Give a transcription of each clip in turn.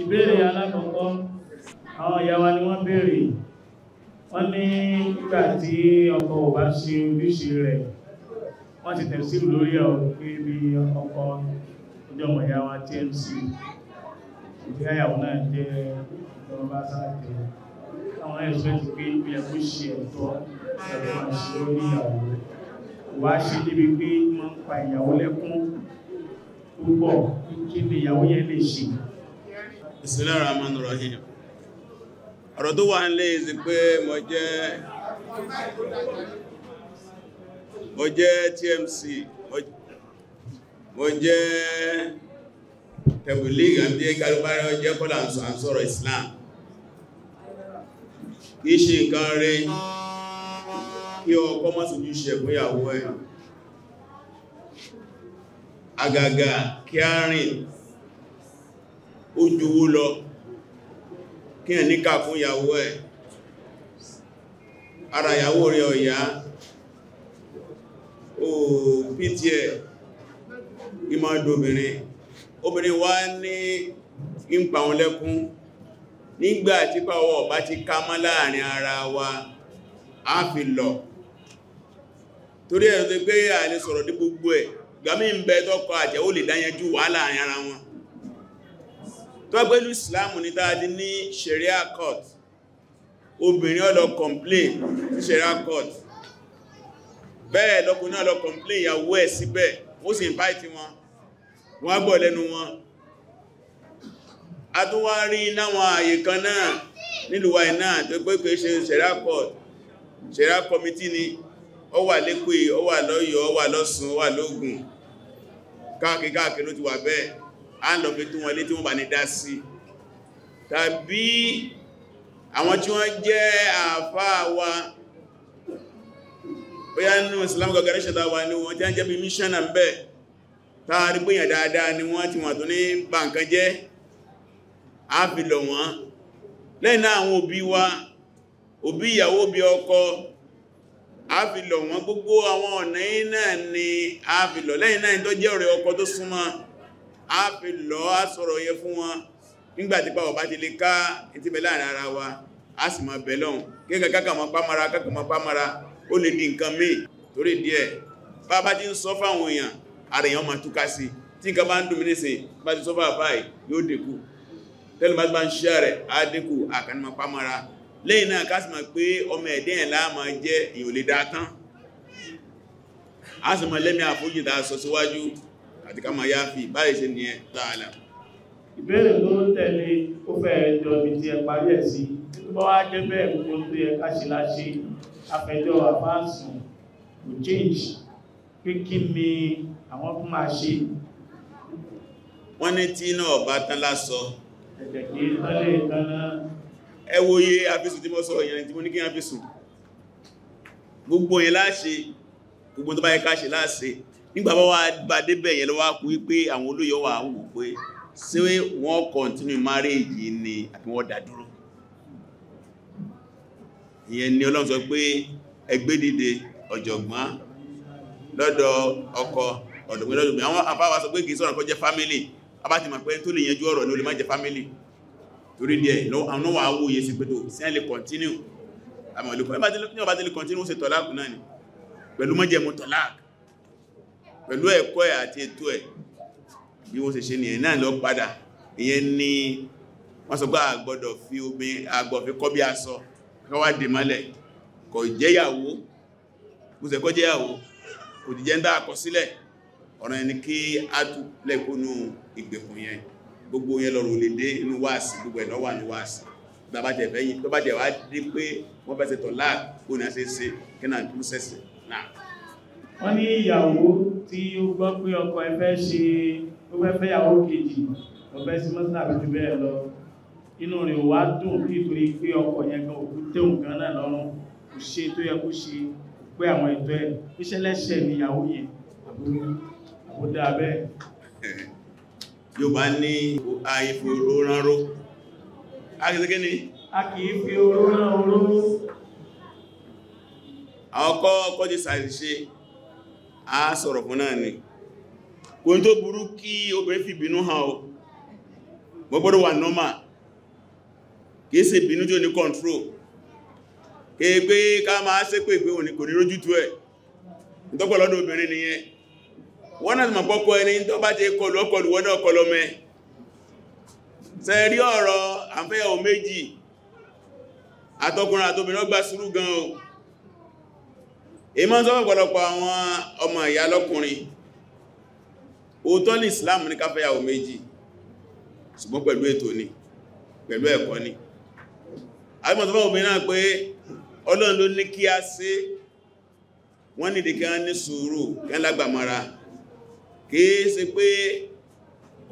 ìbéèrè alákọ̀ọ́kọ́ àwọn ìyàwó ni wọ́n béèrè wọ́n ní ìgbà tí ọkọ ò bá ṣe ojúṣe rẹ̀ wọ́n ti tẹ̀sí lórí ọ̀ pé bí ọkọ ọjọ́ mọ̀yáwá TMC ìgbéyàwó náà jẹ́ ọba sáàkì àwọn ẹ̀ṣọ́ ti pé ibi ẹ̀kú ṣe ẹ̀tọ́ ẹ̀kọ́ àṣẹ lórí ìyàwó wà á ṣe débi pé máa ń pa ìyàwó lẹ́kún púpọ̀ kí ni ìyàwó yẹn lè ṣe Bismillahirrahmanirrahim ọ̀rọ̀ tó wà ń ìsìn pé mo jẹ́ mo jẹ́ TMC mo jẹ́ tẹ̀bùlígì àti ọjọọ ọjẹ́ kọ́lá àǹsọ̀rọ̀ Islam kìí ṣe nǹkan rẹ̀ kí ọkọ má sì júṣe ẹ̀ ó juwó lọ kí ẹ̀ níkà fún ìyàwó ẹ̀ ara ìyàwó rẹ̀ ọ̀yá ó pìtì ẹ̀ ìmọ̀dóbìnrin obìnrin wá ní ìpa wọn lẹ́kún nígbà tí pàwọ̀ bá ti ká mọ́ láàrin ara wa a fi lọ torí ẹ̀ tó pé àìlè sọ̀rọ̀ dí gbogbo ẹ̀ gbàmí ń bẹ tọ́kọ àtìyàwó lè dáyẹjú wà láàrin ara wọn tó Islam ní tàbí ní Sharia court obìnrin ó lọ complain sí Sharia court bẹ́ẹ̀ lọ́kùnrin ó lọ complain ìyàwó ẹ̀ síbẹ̀ ó sì invite wọn wọ́n gbọ́ lẹ́nu wọn a tún wá rí láwọn àyè kan náà nílùú wa náà ṣe Sharia court Sharia committee ni ó wà l'Ékòó ó wà l'Ọ́yọ́ ó wà l'Ọ́ṣun ó wà a ń lọ fi tún wọn tí wọ́n bá ní dá sí tàbí àwọn tí wọ́n jẹ́ àfáà wa bóyá nínú islamic organization tàwà ní wọ́n tí a jẹ́ bí mission and bẹ́ẹ̀ tààrí gbìyàn dáadáa ni wọ́n ti wọ́n tó ní bá nǹkan jẹ́ àfilọ̀ wọ́n lẹ́nà àwọn òbí wa òbí ìyàwó òbí ọkọ àfilọ̀ wọ́n gbogbo àwọn ọ̀nà iná ni àfilọ̀ lẹ́yìn náà tó jẹ́ ọ̀rẹ́ ọkọ tó súnmọ́ a fi lọ a sọ̀rọ̀ yẹ fún wọn nígbàtí pa ọ̀bá ti lè ká ìtí bẹ láàrin ara wa a sì máa bẹ̀ lọ́hùn kíkà kákàmọ́ pàmára kákàmọ́ pàmára ó lè di nǹkan míì torí díẹ̀ bá bá ti ń sọ fáwọn èèyàn ara èèyàn máa túká sí tí nǹkan bá ń dùn mí nísìn bá ti sọ fà báyìí yóò dẹ̀kù tẹ́lẹ̀ bá lẹ́yìn náà ká sì máa pé ọmọ ẹ̀dẹ́ ẹ̀ láàmà jẹ́ èèyàn tán a sì máa lẹ́mí àfójì a sọ síwájú àti ká máa yáfi báyìí ṣe ní ẹ tààlà ìbéèrè tó ń tẹ̀lé ó fẹ́ ẹjọ́ ibi tí ẹ parí ẹ̀ sí tó wá jẹ́ bẹ́ẹ̀ gbogbo tó yẹ káṣe láṣe afẹjọ́ àbáǹsùn kò change pé kí ni àwọn fún máa ṣe wọ́n ní tí iná ọ̀bá tán lásọ ẹ wo iye àfisùn tí mo sọ ìyẹn tí mo ní kí àfisùn gbogbo yẹn láṣe gbogbo tó bá yẹ káṣe láṣe nígbà bá wá bá débẹ̀ yẹn lọ́wọ́ kú wípé àwọn olóyọ wà wò pé ṣé wọ́n continue marriage ni àbí wọ́n dá dúró ìyẹn ni Ọlọ́run sọ pé ẹgbẹ́ dìde ọ̀jọ̀gbọ́n lọ́dọ̀ ọkọ ọ̀dọ̀gbọ́n lọ́dọ̀gbọ́n àwọn afáwà sọ pé kìí sọ̀rọ̀ kọjẹ́ family abáti ma pẹ́ tó lè yanjú ọ̀rọ̀ ní olè má family torí díẹ̀ àwọn wà wòye sí pé tó sí ẹ̀lẹ̀ continue àmọ́ ìlú kan ní ọba continue ó ṣe tọ́láàkù náà ni pẹ̀lú mọ́jẹ̀mú tọ́láàkù pẹ̀lú ẹ̀kọ́ ẹ̀ àti ètò ẹ̀ bí wọ́n ṣe ṣe ní ẹ̀nà lọ padà ìyẹn ni wọ́n sọ pé àgbọ́dọ̀ fi omi àgbọ̀fí kọ́ bí a sọ káwà dì mọ́lẹ̀ kò jẹ́yàwó kùsẹ̀kọ́ jẹ́yàwó kò dìjẹ́ ń dá àkọsílẹ̀ ọ̀rọ̀ ẹni kí wọ́n ní ìyàwó tí ó gbọ́ pé ọkọ ẹ̀ fẹ́ ṣe ó fẹ́ fẹ́ ìyàwó kejì ọ̀fẹ́ sí mọ́sán àbí jù bẹ́ẹ̀ lọ inú rẹ̀ wá dùn bí ìtorí pé ọkọ yẹn gan òkú tẹ́hùn gan náà lọ́rùn kò ṣe tó yẹ kó ṣe pé àwọn ẹ̀tọ́ ẹ̀ iṣẹ́ lẹ́ṣẹ̀ ní ìyàwó yẹn àbúdá bẹ́ẹ̀ yóò bá ní àìfò oránró akìsíkí ni a kìí fi oránró àwọn ọkọ̀ ọkọ̀ ti sàìṣe a sọ̀rọ̀ fún náà ni kò tó burú kí obìnrin fi bínú hàn o gbọ́gbọ́dọ̀ wà nọ́mà kìí ṣe bínú tí ó ní control kìí pé ká máa ṣe pé pé òní kò ní rójú tó ẹ̀ ìtọ́pọ̀ lọ́dọ̀ obìnrin nìyẹn wọ́n náà mọ̀ pọ́pọ́ ẹni tó bá ti kọlù ọkọlù gan èyí máa ń sọ ọ̀pọ̀lọpọ̀ àwọn ọmọ ìyá lọ́kùnrin òótọ́ ní Islam ní káfẹ́yàwó méjì ṣùgbọ́n pẹ̀lú ètò ni pẹ̀lú ẹ̀kọ́ ni agbọ́nsọ́fọ́ obìnrin náà pé Ọlọ́run ló ní kí a ṣe wọ́n nìdí kí a ní sùúrù kí a lágbàmọ́ra kìí ṣe pé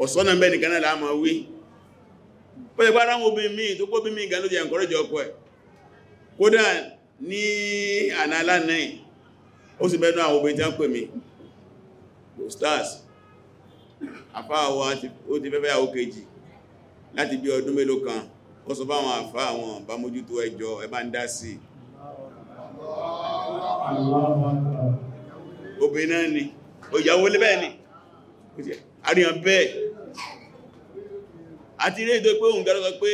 ọ̀sọ́nà mẹ́ni kan náà láàmà wí pẹ́lẹ̀ bá ráwọn obìnrin míì tó ó sì mẹ́nu àwọn obìnrin tí a ń pè mí stars àfáàwọ̀ ó ti fẹ́fẹ́ àwọn kejì láti bí ọdún mélòó kan ó sọ fáwọn àfá àwọn bá mójútó ẹjọ́ ẹ bá ń dá sí obìnrin náà ni òyàwó lé bẹ́ẹ̀ ni pé òun gẹ́lọ́gọ́ pé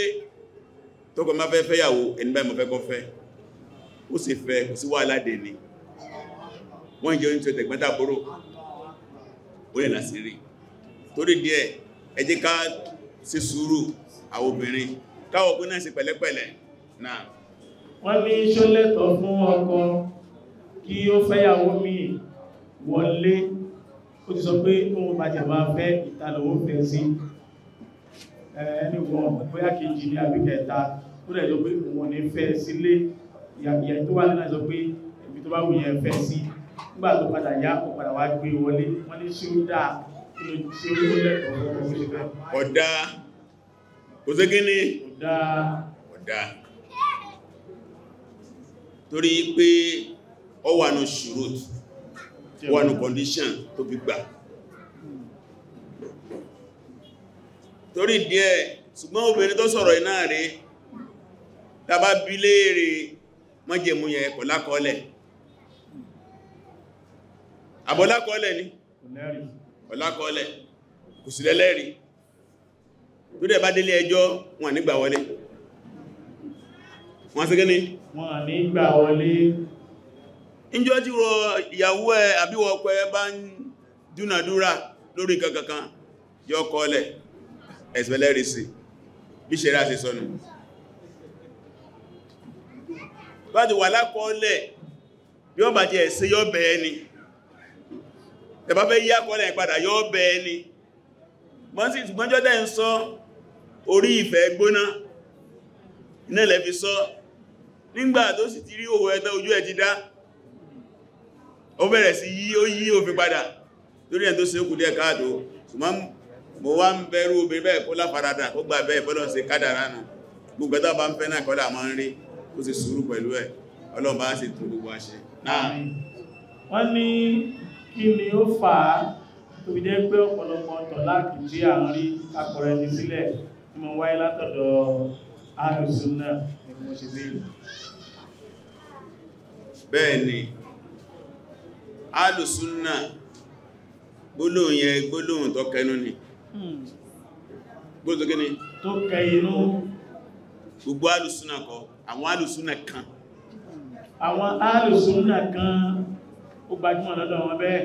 tókọ̀ máa fẹ́ fẹ́yàwó ẹni báyìí mọ̀ fẹ́ kọ́ fẹ́ ó sì fẹ́ kò sí wà ládẹ̀ ni wọ́n jẹ́ oúnjẹ tẹ̀gbẹ́tàbúrò orí lásìrí torí díẹ̀ ẹ jẹ́ ká ṣe sùúrù àwọn obìnrin káwọn ọkùnrin náà ṣe pẹ̀lẹ́pẹ̀lẹ́ náà wọ́n ní ṣó lẹ́tọ̀ fún ọkọ kí ó fẹ́yàwó míì wọlé ó ti sọ pé ohun bàjẹ̀bà fẹ́ ìtàlọ̀wó fẹ́ sí ẹni wọ́n bóyá kejì ní àbíkẹta ó rẹ̀ lọ pé wọ́n ní fẹ́ sílé ìyàgbìyà tó wà náà sọ pé ibi tó bá wù yẹn fẹ́ sí nígbà tó padà yá kò padà wá gbé wọlé wọ́n ní ṣe ó dáa ṣe ó lẹ́tọ̀ọ́ fún ọmọ ọ̀dá ni ọ̀dá ọ̀dá torí pé ọ wà ní ṣùrùt wà ní condition tó fi gbà torí díẹ̀ ṣùgbọ́n obìnrin tó sọ̀rọ̀ iná rẹ̀ tàbá bí léèrè mọ́jẹ̀mú yẹ ẹ̀kọ̀ lákọọ́lẹ̀ àbọ́lákọọ́lẹ̀ ní ọlákọọ́lẹ̀ kò sí lẹ́lẹ́rí tó dẹ̀ bá délé ẹjọ́ wọn nígbà wọlé wọ́n sí gíní wọ́n nígbà wọlé ìjọ́ tí wọ ìyàwó ẹ àbí ẹ bá ń dúnàdúrà lórí kankankan yọ kọọlẹ̀ ẹ̀sẹ̀lẹ́rí sí bí ẹ̀bá fẹ́ yí àkọọ́lẹ̀ ìpadà yọ́ bẹ ẹni mọ́sí ìtùgbọ́njọ́ dẹ̀ ń sọ orí ìfẹ́ gbóná inẹ́lẹ̀ fi sọ nígbà tó sì ti rí òwò ẹ̀tọ́ ojú ẹ̀ ti dá ó bẹ̀rẹ̀ sí yí ó yí òfin padà lórí ẹ̀ tó ṣe ókùn díẹ̀ káàdó ṣùgbọ́n mo wá ń bẹ̀rù obìnrin bẹ́ẹ̀ kó láfaradà ó gbà bẹ́ẹ̀ bọ́lọ̀ ṣe kádàrá nù gbogbo ẹ̀tọ́ bá ń fẹ́ náà kọ́lá máa kí ni ó fà á tó fi jẹ́ pé ọ̀pọ̀lọpọ̀ tọ̀láàkì tí à ń rí akọ̀rẹ́ ní sílẹ̀ tí mo wáyé látọ̀dọ̀ àrùsùn náà ni mo ṣe bí bẹ́ẹ̀ni alùsúnnà gbólóhùn yẹn gbólóhùn tó kẹnu ni hmm. gbólóhùn tó kẹni tó kẹinú gbogbo alùsúnnà kọ kan àwọn alùsúnnà kan ó gbajúmọ̀ lọ́dọ̀ wọn bẹ́ẹ̀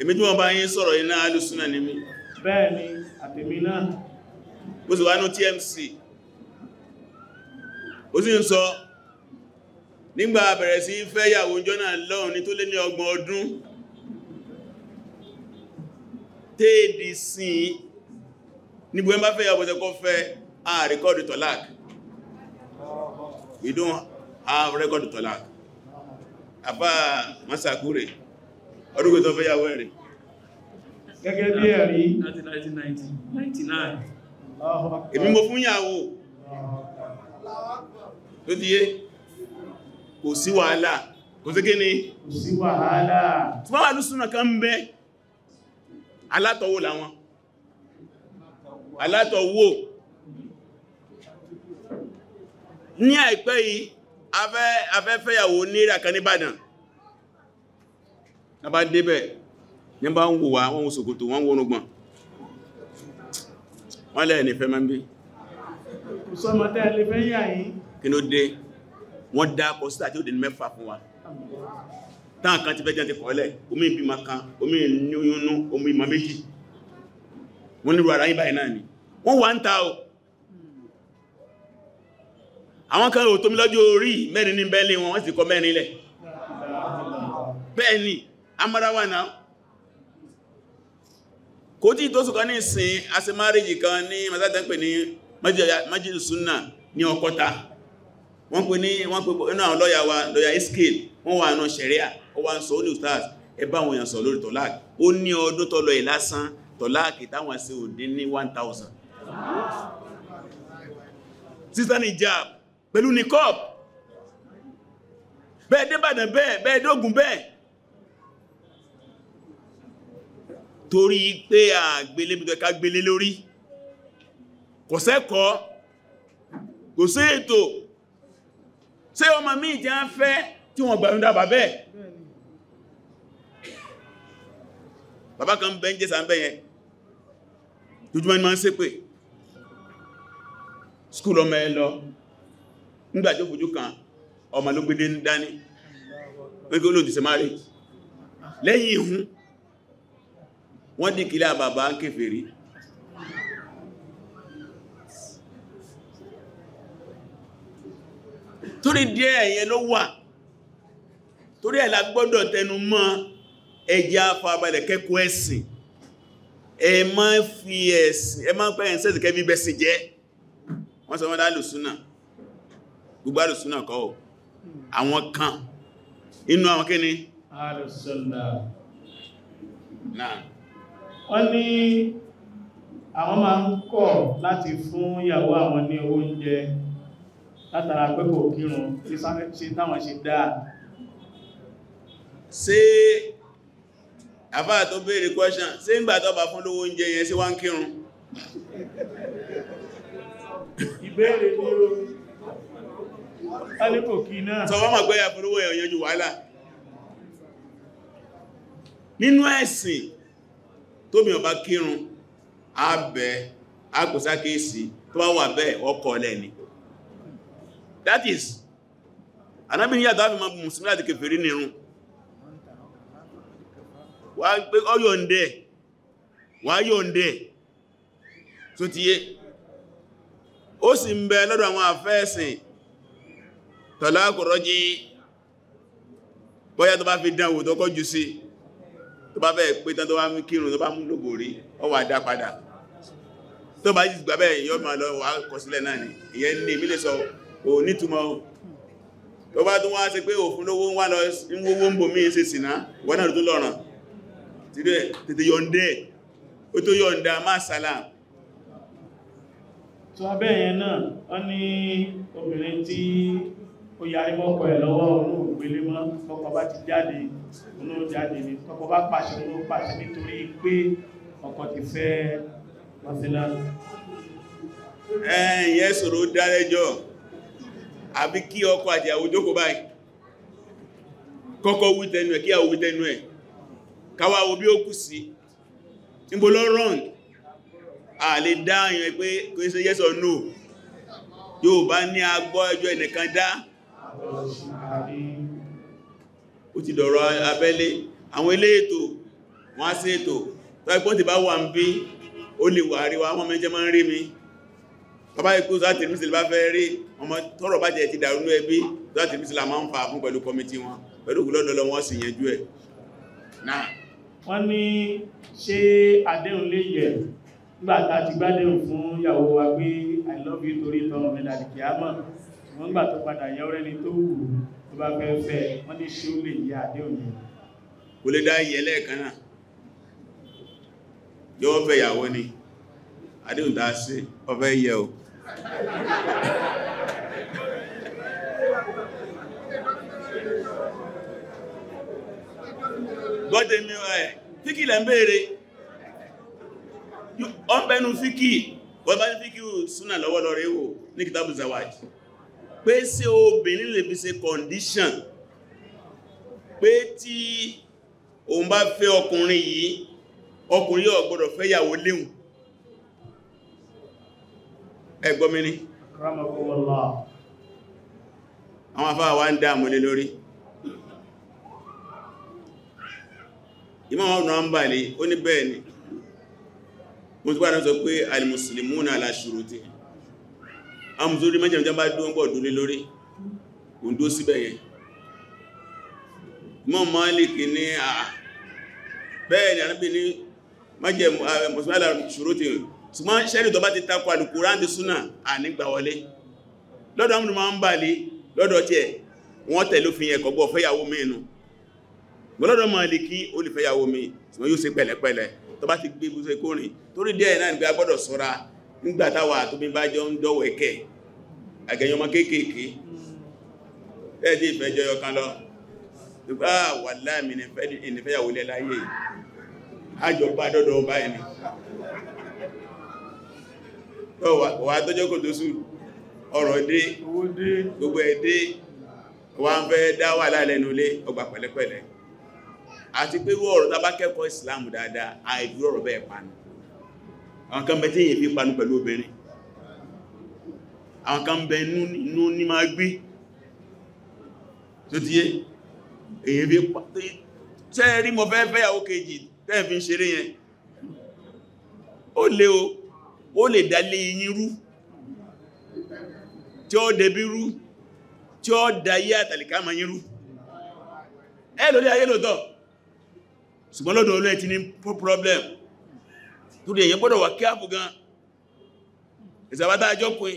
èmi tí wọ́n bá yín sọ̀rọ̀ iná alùsúnà ní mi bẹ́ẹ̀ ni àtèmi náà ó sì wá ní TMC ó sì ń sọ nígbà bẹ̀rẹ̀ sí fẹ́ yàwó jọ́nà lọ́rùn ní tó lé ní ọgbọ̀n ọdún téèdì sí nígbò ẹ bá fẹ́ yàwó tẹ́kọ́ fẹ́ a record tọ́lák we don't have record tọ́lák àbá masakure ọdúgbò tó fẹ́ yàwó ẹ̀rẹ̀ gẹ́gẹ́ bí ẹ̀rí 1999 èmi mo fún yàwó tó díye kò sí wàhálà kò sí kíni kò sí wàhálà tí wọ́n wà ní súnà kan bẹ alátọ̀wò làwọn alátọ̀wò ní àìpẹ́ yìí afẹ́ afẹ́fẹ́yàwó náírà kan nìbàdàn na bá débẹ̀ ní bá ń wò wá wọ́n sòkòtò wọ́n wọ́n gbọ́n wọ́n lẹ́ẹ̀ nífẹ́ máa ń bí kí ló dé wọ́n dá kọsítà tí ó dé ní mẹ́fà fún wa táà kan ti fẹ́ jẹ́ ti kọ̀ọ́lẹ̀ omi ìbí ma kan omi ìyúnú omi ìmọ̀ méjì wọ́n nílò ara yín báyìí náà ni wọ́n wà ń ta o àwọn kan ò tómi lọ́jọ́ orí mẹ́rin ní bẹ́ẹ̀lì wọn wọ́n sì kọ mẹ́rin lẹ̀ bẹ́ẹ̀ni amárawà náà kò tí tó sùkọ́ ní ìsìn asemáríjì kan ní mazatẹ́pẹ̀ ní májìlì súnà ní ọkọta wọ́n pè ní wọ́n pè inú àwọn lọ́yà wa lọ́yà iskil wọ́n wà náà sẹ̀ríà ó wà ń sọ ní ustaz ẹbá àwọn èèyàn sọ lórí tọ́lák ó ní ọdún tọ́lọ ìlásán tọ́lák ìtàwọn sí òdín ní 1000 sísá ní pẹ̀lú nìkọ́ọ̀pù bẹ́ẹ̀ débàdàn bẹ́ẹ̀ bẹ́ẹ̀ dógùn bẹ́ẹ̀ torí pé àgbélé bí kẹ́kà gbélé lórí kò sẹ́kọ́ kò sí ètò ṣé ọmọ mi jẹ́ ń fẹ́ tí wọ́n gbà yúndà bàbá ẹ̀ bàbá kan bẹ́ ń jẹ́ sàmbẹ́ yẹn tójúmọ́ ni máa ń ṣépè skúl ọmọ ẹ lọ nígbà tó fojú kan ọmọ ló gbé dání pẹ́kẹ́ olóòdì sí márì lẹ́yìn ihun wọ́n dì kílá bàbá ń kèfèrí torí díẹ̀ ẹ̀yẹ ló wà torí ẹ̀ la gbọ́dọ̀ tẹnu mọ́ ẹjẹ́ afábalẹ̀ kẹ́kọ̀ọ́ ẹ̀sìn ẹ má fi ẹ̀sìn ẹ má pẹ́ ẹ̀sìn kẹ́bí bẹ́sìn jẹ́ wọ́n sọ wọ́n lùsúnà gbogbo alùsùnà kọ́ ò àwọn kan inú àwọn kí ni alùsùnà náà wọ́n ní àwọn máa ń kọ̀ láti fún ìyàwó àwọn ní owó oúnjẹ látara pẹ́kọ̀ òkírun tí sí táwọn ṣe dáa ṣé àfáà tó béèrè question ṣé ń gbà tó bá fún lówó oúnjẹ yẹn sí wá ń kírun ìbéèrè ní oòrùn alẹ́kò kí ya sọ wọ́n mọ̀ wala. ninu ẹ̀yànjú wàhálà ọba tó bá wà bẹ́ẹ̀ ọkọ̀ lẹ́ni that is anábì ní àtàwọn ìmọ̀ mùsùlùmí láti kèfèrí nírun wà pé ọyọ̀ ń dẹ̀ wà yóò ń dẹ̀ tó ti yé ó sì ń bẹ lọ́dọ̀ àwọn tọ́láàkù rọ́jí bọya tó bá fi dánwò tó kọjú sí tó bá bẹ́ẹ̀ pé tán tó bá mú kírùn tó bá mú lògbò ọ wà dá padà tó bá jí gbà bẹ́ẹ̀ yọ́ ma lọ wà kọsílẹ̀ náà ni ìyẹn ní ìmílẹ̀ sọ nítumọ̀ tó bá tún wá pé òfin lówó ń obìnrin tí ó yarí mọ́kọ̀ ẹ̀ lọ́wọ́ ọ̀nà ògbélé mọ́ tọ́kọ bá ti jáde ọ̀nà jáde ni tọ́kọ bá pàṣẹ ọ̀nà pàṣẹ nítorí pé ọkọ ti fẹ́ mọ́sílá ẹ̀yẹn sọ̀rọ̀ dálẹ́jọ́ àbí kí ọkọ àti ìyàwó jókòó báyìí kọ́kọ́ wí tẹnu ẹ̀ kí àwọn wí tẹnu ẹ̀ káwà wo bí ó kù sí níbo lọ wrong a lè dá àyàn pé kò ṣe yes or no yóò bá ní agbọ́ ẹjọ́ ẹnìkan dá ó ti dọ̀rọ̀ abẹ́lé àwọn ilé ètò wọ́n á sí ètò tó ẹgbọ́n ti bá wà ń bí ó lè wà rí wa wọ́n mẹ́jẹ́ máa ń rí mi bàbá ikú láti rímísìlì bá fẹ́ rí ọmọ tọ́rọ̀ bá jẹ́ ti dàrúnú ẹbí láti rímísìlì ti gbádẹ́hùn fún ìyàwó wa pé i love you torí tọrọ mẹ́lá ṣùgbọ́n gbà tó padà yọ rẹ́ni tó wù tó bá fẹ́ fẹ́ wọ́n ní ṣe ó lè yí àdéhùn yẹn kò lè dá ìyẹ́ lẹ́ẹ̀kan náà yọ́ fẹ́ ìyàwó ni àdéhùn dá sí ọfẹ́ yẹ o gọ́dẹ̀ mi ẹ̀ fíkì lẹ́ ń bèèrè ọ́pẹ́nu fíkì wọ́n bá ní fíkì pé ṣé obìnrin lè fi ṣe condition pé tí òun bá fẹ́ ọkùnrin yìí ọkùnrin yóò gbọ́dọ̀ fẹ́ yàwó léhùn ẹgbọ́mìnì àwọn afá wa ń dáàmù lé lórí Imam Ibn Hanbali ó ní bẹ́ẹ̀ mo ti bá náà sọ pé al-muslimuna ala shurutihim amùsórí mẹ́jẹ̀mẹ́jẹ́ bá dúó ń pọ̀ dúlé lórí òǹdó síbẹ̀ yẹn mọ́ Málíkì ní àà bẹ́ẹ̀ ni àníbì ní mẹ́jẹ̀mú mọ̀sílẹ̀ ṣòro ti ṣùgbọ́n ṣẹ́rì tó bá ti takọ Al-Qur'an àti súnà ànígbà wọlé lọ́dọ̀ amúnú máa ń bà lé lọ́dọ̀ tí ẹ̀ wọ́n tẹ̀lé òfin ẹ̀kọ́ gbọ́ fẹ́yàwó mẹ́nu lọ́dọ̀ Málíkì ó lè fẹ́yàwó mi ṣùgbọ́n yóò nígbàtàwà tó bí bá jọ ń dọ́wọ̀ ẹ̀kẹ́ àgẹ̀yọmọ kéèkèé ẹ̀dí ìfẹ́jọ yọkan lọ nígbà ah, wà láàmì ìnìfẹ́yàwó lẹ́ láyé àjọpá dọ́dọ̀ báyìí ni wà tọ́jọ́ kò tó sù ọ̀rọ̀ dé gbogbo ẹ̀dé wà ń fẹ́ dá wà láàlẹ́nu lé ọgbà pẹ̀lẹ́pẹ̀lẹ́ àti pé wọ́n ọ̀rọ̀ tàbá kẹ́kọ̀ọ́ ìsìlámù dáadáa àìdúrọ̀rọ̀ bẹ́ẹ̀ pani àwọn kan bẹ tí èyàn fi panu pẹ̀lú obìnrin àwọn kan bẹ inú ní máa gbí tó tíye èyàn fi pàtó tẹ́ rí mọ fẹ́ fẹ́ yàwó kejì tẹ́ fi ń ṣeré yẹn ó lè o ó lè dálé yín rú tí ó dẹbí rú tí ó dáyé àtàlìká ma yín rú ẹ lórí ayé lòtọ́ ṣùgbọ́n lọ́dọ̀ olóẹ̀ ti ní problem torí èyàn gbọ́dọ̀ wà kí àpù gan ìsàbátá àjọkùn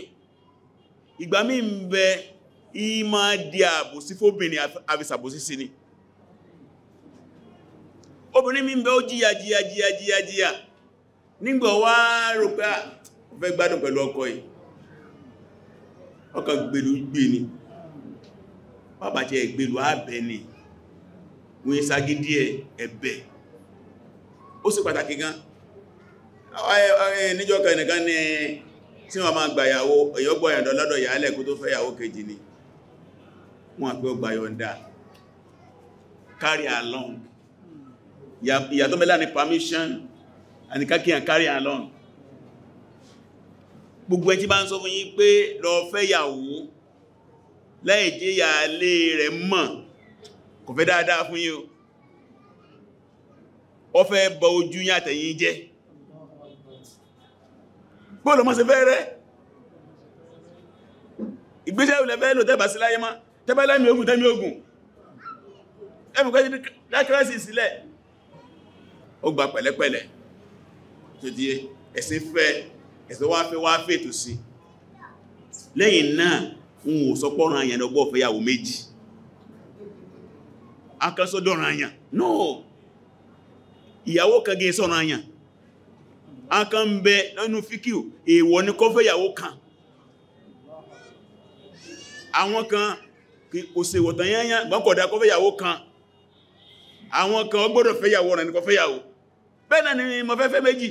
ìgbà mí ń bẹ ìmá di àbòsí fóbìnrin àfisàbòsí sí ni obìnrin mi ń bẹ ó jíyà jíyà jíyà jíyà jíyà nígbà wá rò pé ọ̀fẹ́ ah, gbádùn pẹ̀lú ọkọ yìí ọkọ̀ ni bàbá jẹ́ ìgbèlú ni wọ́n yí ságídí ẹ̀ ẹ̀bẹ̀ ó sì pàtàkì gan níjọ́ kan nìkan ni tí wọ́n máa gbàyàwó èyọ́ gbọ́yàndọ̀ lọ́dọ̀ ìyálẹ̀ kó tó fẹ́ yàwó kejì ni wọ́n pé ó carry along ìyàtọ̀ mẹ́lá ni permission and kákíyàn carry along gbogbo ẹjí bá ń sọ fún yín pé lọ fẹ́ yàwó láìjẹ́ ìyálé rẹ̀ mọ̀ kò fẹ́ dáadáa fún yín ó fẹ́ bọ ojú yín jẹ́ bóòlù mọ́ sí fẹ́rẹ́ ìgbésẹ̀ ìlẹ̀ fẹ́ lò tẹ́bà sí láyé má tẹ́bà lámì ogun tẹ́mì ogun ẹmùkọ́ sí dákírẹ́sì sílẹ̀ ó gba pẹ̀lẹ́pẹ̀lẹ́ tó díẹ̀ ẹ̀sìn fẹ́ ẹ̀sìn wá fẹ́ wá fẹ́ tó sí lẹ́yìn náà ń wò sọ pọ́ràn àyàn lọ́gbọ́ fẹ́yàwó méjì akásọ́dọ̀ràn àyàn náà ìyàwó kan gẹ́ sọ́ràn àyàn a kan ń bẹ nínú fíkíù èèwọ̀ ní kọfẹ́ ìyàwó kan àwọn kan kò ṣe ìwọ̀tàn yányán gbọ́nkọ̀dá kọfẹ́ ìyàwó kan àwọn kan gbọ́dọ̀ fẹ́ ìyàwó rẹ̀ ní kọfẹ́ ìyàwó bẹ́ẹ̀ ni mo fẹ́ fẹ́ méjì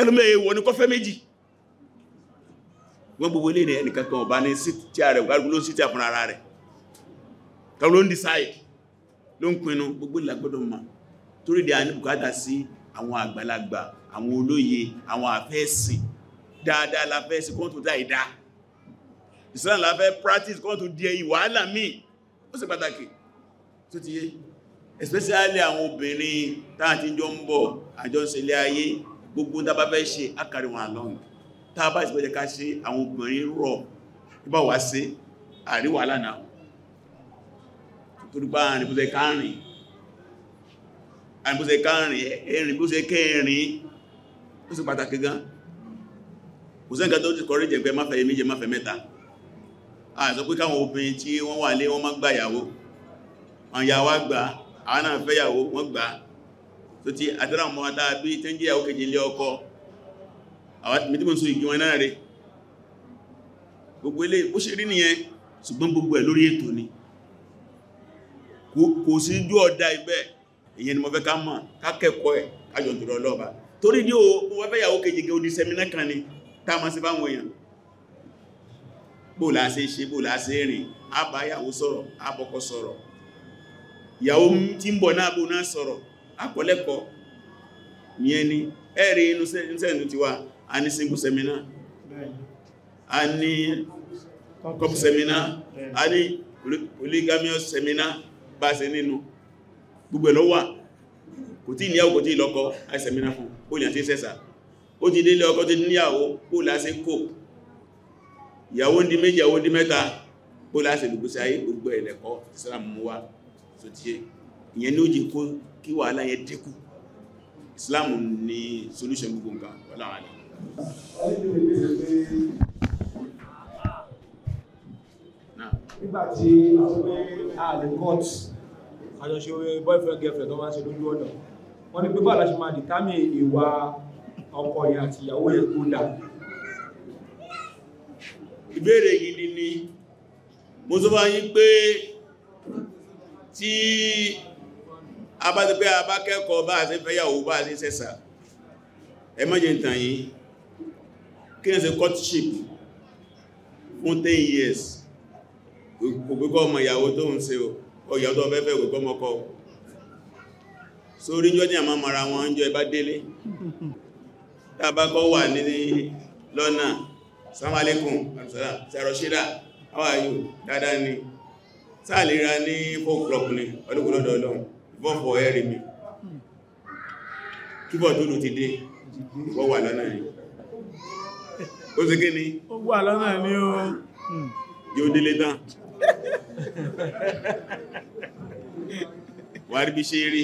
ẹlùmẹ́ èèwọ̀ ní kọfẹ́ méjì wọ́n gbogbo ilé ẹnìkan ní sí àwọn àgbàlagbà àwọn olóye àwọn àfẹ́ẹ̀sìn dáadáa láfẹ́ẹ̀sìn kọ́n tó dáìdá ìsìlá láfẹ́ practice kọ́n tó di ẹ̀yìn wàhálà míì ó sì pàtàkì tó ti yé especially àwọn obìnrin táàtí jọ ń bọ̀ àjọ ń ṣẹlẹ̀ ayé gbogbo tá bá fẹ́ ṣe akari wọn along tá bá ti pẹ́jẹ ká ṣe àwọn obìnrin rọ̀ ibá wá sí àríwá lánàá tó dúpá àrìn àrin bó ṣe káàrin ẹ̀rin bó ṣe kẹrin ó sì pàtàkì gan kò sẹ́ǹkà tó ti kọrí jẹ̀gbẹ́ máfẹ́ méje máfẹ́ mẹ́ta àìsọ pé káwọn obìnrin tí wọ́n wà lé wọ́n má gbà yàwó àwọn yàwó àgbà àwọn náà fẹ́ yàwó wọ́n gbà tó ti àtẹ́rà ọmọ ata bí tẹ́ńjẹ́ yàwó kejì ilé ọkọ àwọn mìtìmọ̀ sọ ni kò sí dú ọ̀dá ìyẹn ni mo fẹ́ ká mọ̀ ká kẹ́kọ̀ọ́ ọlọ́ba torí ní o wọ́n fẹ́ yàwó ni tá ma sí báwọn èèyàn bó la ṣe ṣe bó la rìn a bá yàwó sọ̀rọ̀ a sọ̀rọ̀ ìyàwó tí ń bọ̀ náà bó náà sọ̀rọ̀ ni ti wà a ní single a gbogbo ẹ̀ lọ́wà kò tí níyàwó kò tí lọ́kọ àìsẹ̀mìnà fún ó ní àti sẹ́sà ó ti nílé ọkọ tí níyàwó ó láṣẹ kò ìyàwó ń di méjì ìyàwó ń di mẹ́ta ó láṣẹ lùgbùsí ayé Islam ni solution gbogbo nǹkan wọ́n àwọn àlẹ́ nígbàtí ẹgbẹ́ ààrẹ court àjọṣe boyfriend girlfriend tó máa ń ṣe lójú ọ̀nà wọ́n ní pé báwo la ṣe máa dìtámì ìwà ọkọ yẹn àti ìyàwó yẹn tó dà ìbéèrè yìí ni mo sọ bá yín pé tí a bá ti pé a bá kẹ́kọ̀ọ́ bá àti fẹ́yàwó bá àti sẹ́sà ẹ má jẹ́ ìtàn yìí kí ẹ ṣe courtship fún 10 years kò gbígbọ́ ọmọ ìyàwó tó ń ṣe o ọ̀yọ́dọ̀ fẹ́fẹ́ òkú ọmọkọ sórí jọ ní àmà mara wọn jọ ẹbá délé tàbákọ́ wà ní lọ́nà Assalamu alaikum sàrọ̀ṣídà how are you dáadáa ni sáàlera ní 4 o'clock ní ọlọ́gbọ̀lọ́dọ̀ọ̀lọ́ ìbọn fọ̀ ẹ̀rì mi kíbọ̀ dúdú ti dé wọ́n wà lọ́nà yìí ó ti kí ni ó wà lọ́nà ni délé tán wàrí bí ṣe rí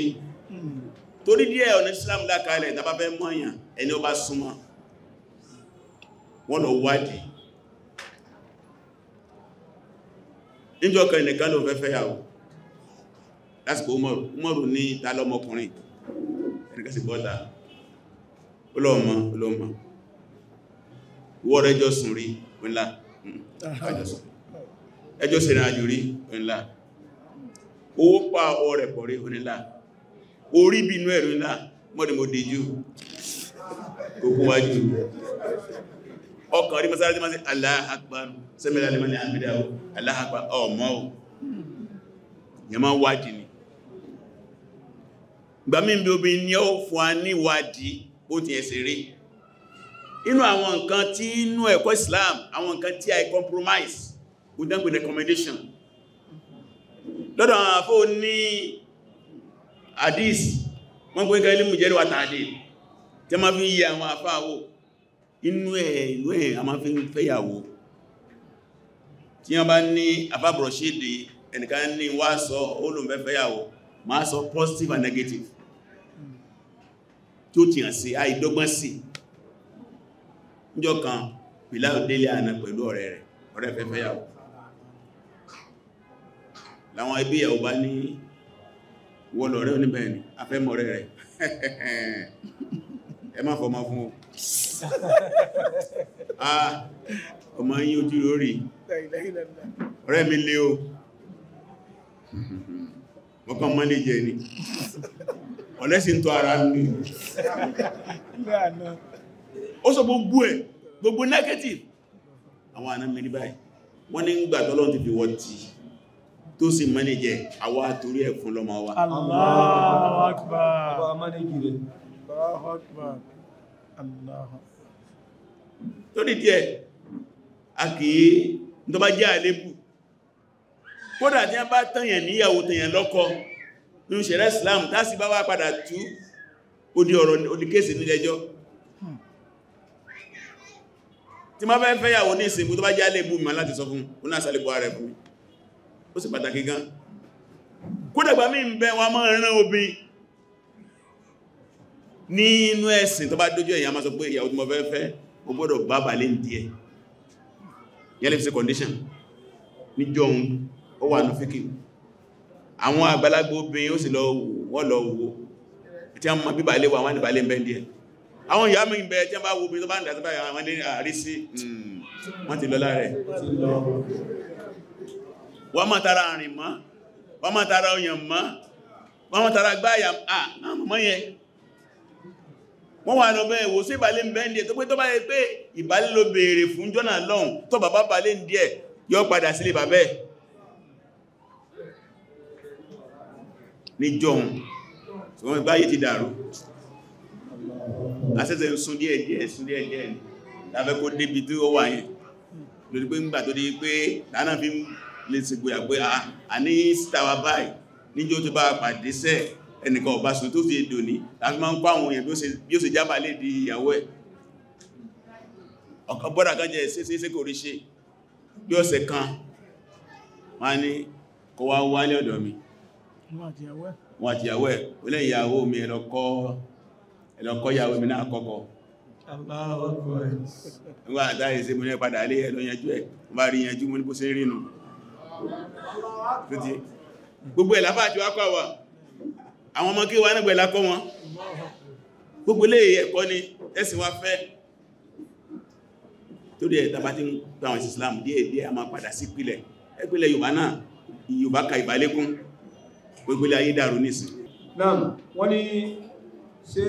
torí díẹ̀ ọ̀nà Islam lákàálẹ̀ tàbá fẹ́ mọ́yàn ẹni ó bá súnmọ́ wọ́n lọ wádìí níjọ́ kan ẹnìkan ló fẹ́fẹ́ yàwó lásìkò Umaru ní ìtàlọ́mọkùnrin ẹnìkan sì bọ́ta olóòmọ olóòmọ ìwọ́ rẹ̀ rí wọ́n lá àjọsùn mm, ẹjọ́ sí ìrìnàjò rí onílá owó pa ọwọ́ rẹ̀ pọ̀ rí onílá orí bí inú ẹ̀rù ńlá mọ́dìmọ̀dì jù kòkó wájú ọkàn rí masárájí máa sí Allahu Akbar sẹ́mẹ́lá lè máa ní Akbar ọmọ o yẹ máa wádìí ni a ní wádìí ó ti ẹ̀sẹ̀ rí inú àwọn nǹkan tí inú Islam àwọn nǹkan tí a compromise ó dágbé recommendation lọ́dọ̀ àwọn àfó ní hadith wọ́n pín ká ilé mú jẹ́rọ àtàdé tí a máa fi yí àwọn àfáàwò inú ẹ̀ inú ẹ̀ a máa fi ń fẹ́yàwó tí a bá ní àfábọ̀rọ̀ ṣéde ẹnìkan ní wá sọ olùmẹ́fẹ́yàwó máa sọ positive and negative tí ó ti hàn sí àìdọ́gbọ́n sí níjọ́ kan pìlá òdélé àná pẹ̀lú ọ̀rẹ́ rẹ̀ ọ̀rẹ́ fẹ́fẹ́yàwó láwọn ẹbí ẹ̀ ò bá ní wọ́lọ̀ rẹ̀ oníbẹ̀ ni afẹ́mọ̀ rẹ̀ rẹ̀ ẹ má fọmọ fún ọmọ yí ojú lórí ọ̀rẹ́ mi lé o mọ́kàn mọ́ lè jẹ ni ọ̀lẹ́sìn tó ara ní ó sọ gbogbo ẹ̀ gbogbo negative àwọn àná mi ní báyìí wọ́n ní ń gbà tọ́lọ́ ti fi wọ́n ti tó sì mẹ́nìjẹ àwa torí ẹ̀ fún lọ́mọ wa Allahu Akbar Allahu Akbar lórí díẹ̀ a kìí tó bá jẹ́ àlébù kódà tí a bá tànyàn níyàwó tànyàn lọ́kọ nínú ṣẹ̀rẹ́ Islam tásí bá wá padà tú odi ọ̀rọ̀ oníkéèsì nílẹ́jọ́ tí ma fẹ́ fẹ́yàwó ní ìsìnkú tó bá jẹ́ àlébù mi láti sọ fún un ó náà sálébù ààrẹ fún mi ó sì pàtàkì gan kódàgbà mí ń bẹ wa máa obi obìn nínú ẹ̀sìn tó bá dójú ẹ̀yà máa sọ pé ìyàwó tí mo fẹ́ o gbọ́dọ̀ bá bà lé díẹ̀ yẹ́lẹ̀ fi ṣe condition níjọ ohun ó wà ní fíkì àwọn àgbàlagbà obìnrin ó sì lọ wọ́n lọ wo tí a mọ̀ bíbà lé wà wọ́n ní bà hmm. lé wọ́n mọ́ tara àrìn mọ́ wọ́n mọ́ tara ọyàn mọ́ wọ́n mọ́ tara gbáyà àmọ́ yẹ wọ́n wà lọ bẹ́ẹ̀ wò sí ìbálẹ̀ ń bẹ́ẹ̀ tó pé tó bá yẹ pé ìbálẹ̀ ló béèrè fún jọ́nà lọ́hùn tó bàbá balẹ̀ ń díẹ̀ yọ padà sílé bàbẹ́ ní jọun tí wọ́n báyé ti dàrú asẹ́sẹ̀ ń sún díẹ̀ díẹ̀ sún díẹ̀ díẹ̀ lábẹ́ kó débi tí ó wà yẹn lórí pé ń gbà tó di pé lánàá fi létí gbóyà pé a ní sítawa báyìí níjó tó bá pàdé sẹ́ ẹnìkan ọba sùn tó fi èdò ní láti máa ń pa àwọn èèyàn bí ó ṣe jábà lè di ìyàwó ẹ̀ ọ̀kan bọ́dà kan jẹ́ ṣeéṣe kò rí ṣe bí ọ̀sẹ̀ kan wọ́n ní kó wá wálé ọ̀dọ̀ mi wọ́n àti ìyàwó ẹ̀ olè ìyàwó mi ẹ̀lọ́kọ́ ìyàwó mi náà kọ́kọ́ Allahu Akbar. Nígbà àtàrí sí mú ní padà lé ẹ̀lọ́ yanjú ẹ̀, bá rí yanjú mú ní bó ṣe rínú gbogbo ẹ̀ láfà àti wákọ̀ wà àwọn ọmọ kí wá nígbẹ̀ lákọ́ wọn gbogbo ilé ẹ̀kọ́ ni ẹ̀sìn wa fẹ́ torí ẹ̀ tàbá tí ń gba àwọn Islam díẹ̀ díẹ̀ a máa padà sí pìlẹ̀ ẹgbẹ̀lẹ̀ Yorùbá náà Yorùbá ka ìbálékún gbogbo ilé ayé dàrú nìsìn náà wọ́n ní ṣé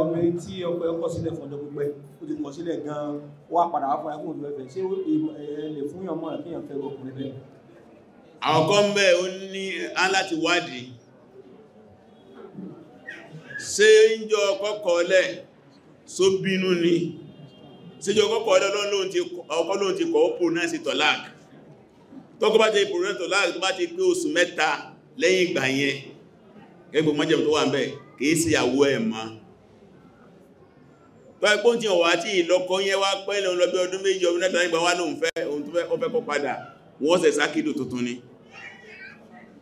obìnrin tí ọkọ ẹkọ sílẹ̀ fún ọjọ́ pípẹ́ ó ti kọ sílẹ̀ gan-an wá padà wá fún ẹkùn òjò ẹ̀fẹ̀ ṣé lè fún yàn mọ́ ẹ̀fẹ́ yàn fẹ́ àwọn kan bẹ́ẹ̀ ó ní aláti wádìí ṣe ń jọ kọ́kọ́lẹ̀ só bínú ni ṣe jọ kọ́kọ́lẹ̀ ọkọ́ lóhun ti kọ̀ ó pronounce tọ́láàkì tọ́kọ́ bá ti pronounce tọ́láàkì tó bá ti pé oṣù mẹ́ta lẹ́yìn ìgbà yẹn gẹ́gbọ́n mọ́jẹ̀ tó wà ń bẹ̀ kìí sí àwọ ẹ̀ ma pẹ́pọ́ wọ́n sẹ̀ sákìdò tuntun ni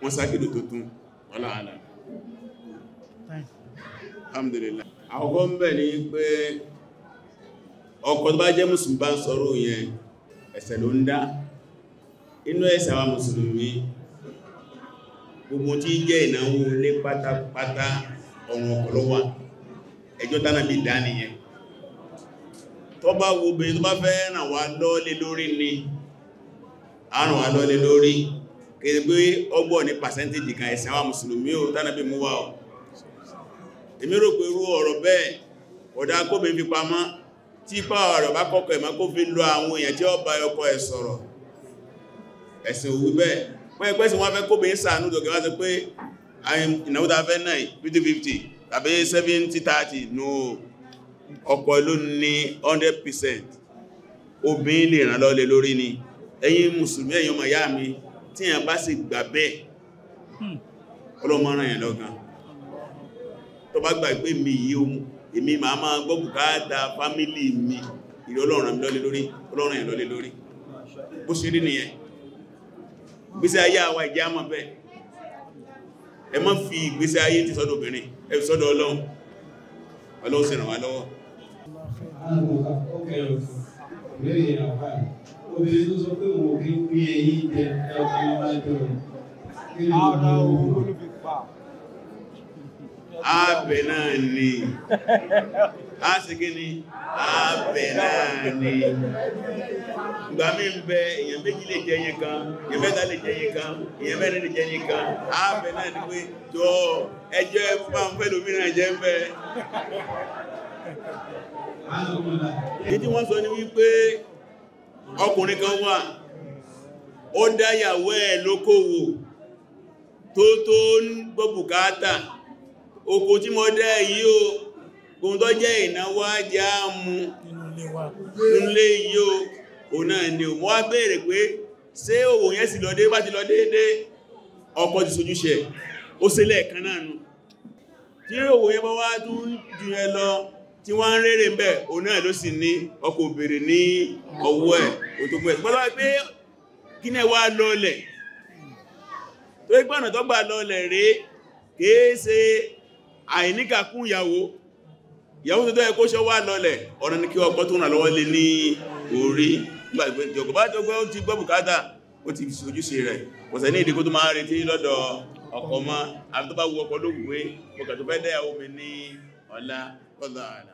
wọ́n ságìdò tó tún alhamdulillah àkọ́kọ́ ń ní pé ọkọ tó bá jẹ́ bá ń sọ̀rọ̀ yẹn ẹ̀ṣẹ̀ ló ń dá inú ẹ̀ṣẹ̀ àwọn mùsùlùmí gbogbo tí jẹ́ ìnáwó lé pátápátá ọ̀rùn ọ̀pọ̀lọ́wà ẹjọ́ tánà bí dá kìí pé ọgbọ́ ní pàṣẹ́ntéjì kan ẹ̀sìn musulumi mùsùlùmí ò tánàbí mú wá ọ̀ èmi rò pé irú ọ̀rọ̀ bẹ́ẹ̀ ọ̀dá kóbi fi pamọ́ tí ipa ọ̀rọ̀ bá kọ́kọ́ ẹ̀mọ́ kó fi lọ àwọn èèyàn tí ó ọkọ ẹ̀ òwú ń dòkè pé ìnáwó ta náà tàbí ló ní obìnrin lè ràn lórí ni tí yàn bá sì gbà bẹ́ẹ̀ hmm. ọlọ́mọ́ràn yàn lọ́gán tó bá gbà pé mi yí o èmi máa máa gbọ́ bùkátà fámílì mi ìrẹ́ ọlọ́run lọ́lé lórí ọlọ́run yàn lọ́lé lórí bó ṣe rí nìyẹn ìgbésí ayé àwa ìjẹ́ àmọ́ bẹ́ẹ̀ ẹ má fi ìgbésí ayé ti sọ́dọ̀ obìnrin ẹ fi sọ́dọ̀ ọlọ́run ọlọ́run sì ràn wá lọ́wọ́ Thank you obìnrin tó sọ pé òun kí ń pín ẹyin jẹ ẹkùn ọlájọ ara òun ló fi pa ààbẹ̀ náà ni a sì kí ni ààbẹ̀ náà ni ìgbà mí ń bẹ èyàn méjì lè jẹ́ yín kan èyàn mẹ́ta lè jẹ́ yín kan èyàn mẹ́rin lè jẹ́ yín kan ààbẹ̀ náà ni pé tó ẹjọ́ ẹfúnpá ń fẹ́ lómìnà jẹ́ ń bẹ èyí tí wọ́n sọ ni wípé ọkùnrin kan wà ó dáyàwó ẹ̀ lókòwò tó tó ń gbọ́ bùkátà oko tí mọ́ dẹ́ yìí o ohun tó jẹ́ ìnáwó ajá mú nílé yìí o òun náà ni o mọ́ wá béèrè pé ṣé òwò yẹn sì lọ́dé bá ti lọ déédé ọkọ ti sojúṣe ó ṣe lẹ́ẹ̀kan náà nù tí òwò yẹn bá wá tún jù ẹ lọ tí wọ́n ń rèrè ń bẹ̀ òun náà ló sì ní ọkọ̀ òbèrè ní ọwọ́ ẹ̀ òtògbò ẹ̀ pọ́lá pé kí náà wá lọ́ọ̀lẹ̀ tó gbọ́nà tó gbà lọ́ọ̀lẹ̀ rèé kìí ṣe àìníkàkún ìyàwó ìyàwó tó tẹ́ kó ṣe wá lọ́lẹ̀ ọ̀nà ní kí ọgbọ́ tó ràn lọ́wọ́ lè ní orí ìjọba tó gbọ́ ti gbọ́ bùkátà ó ti ojúṣe rẹ̀ kò sẹ́ ní ìdíkó tó máa retí lọ́dọ̀ ọkọ mọ́ àbí tó bá wu ọkọ lóògbé mọ̀kà tó fẹ́ dẹ́yàwó mi ní ọlá ọ̀dọ̀ àlà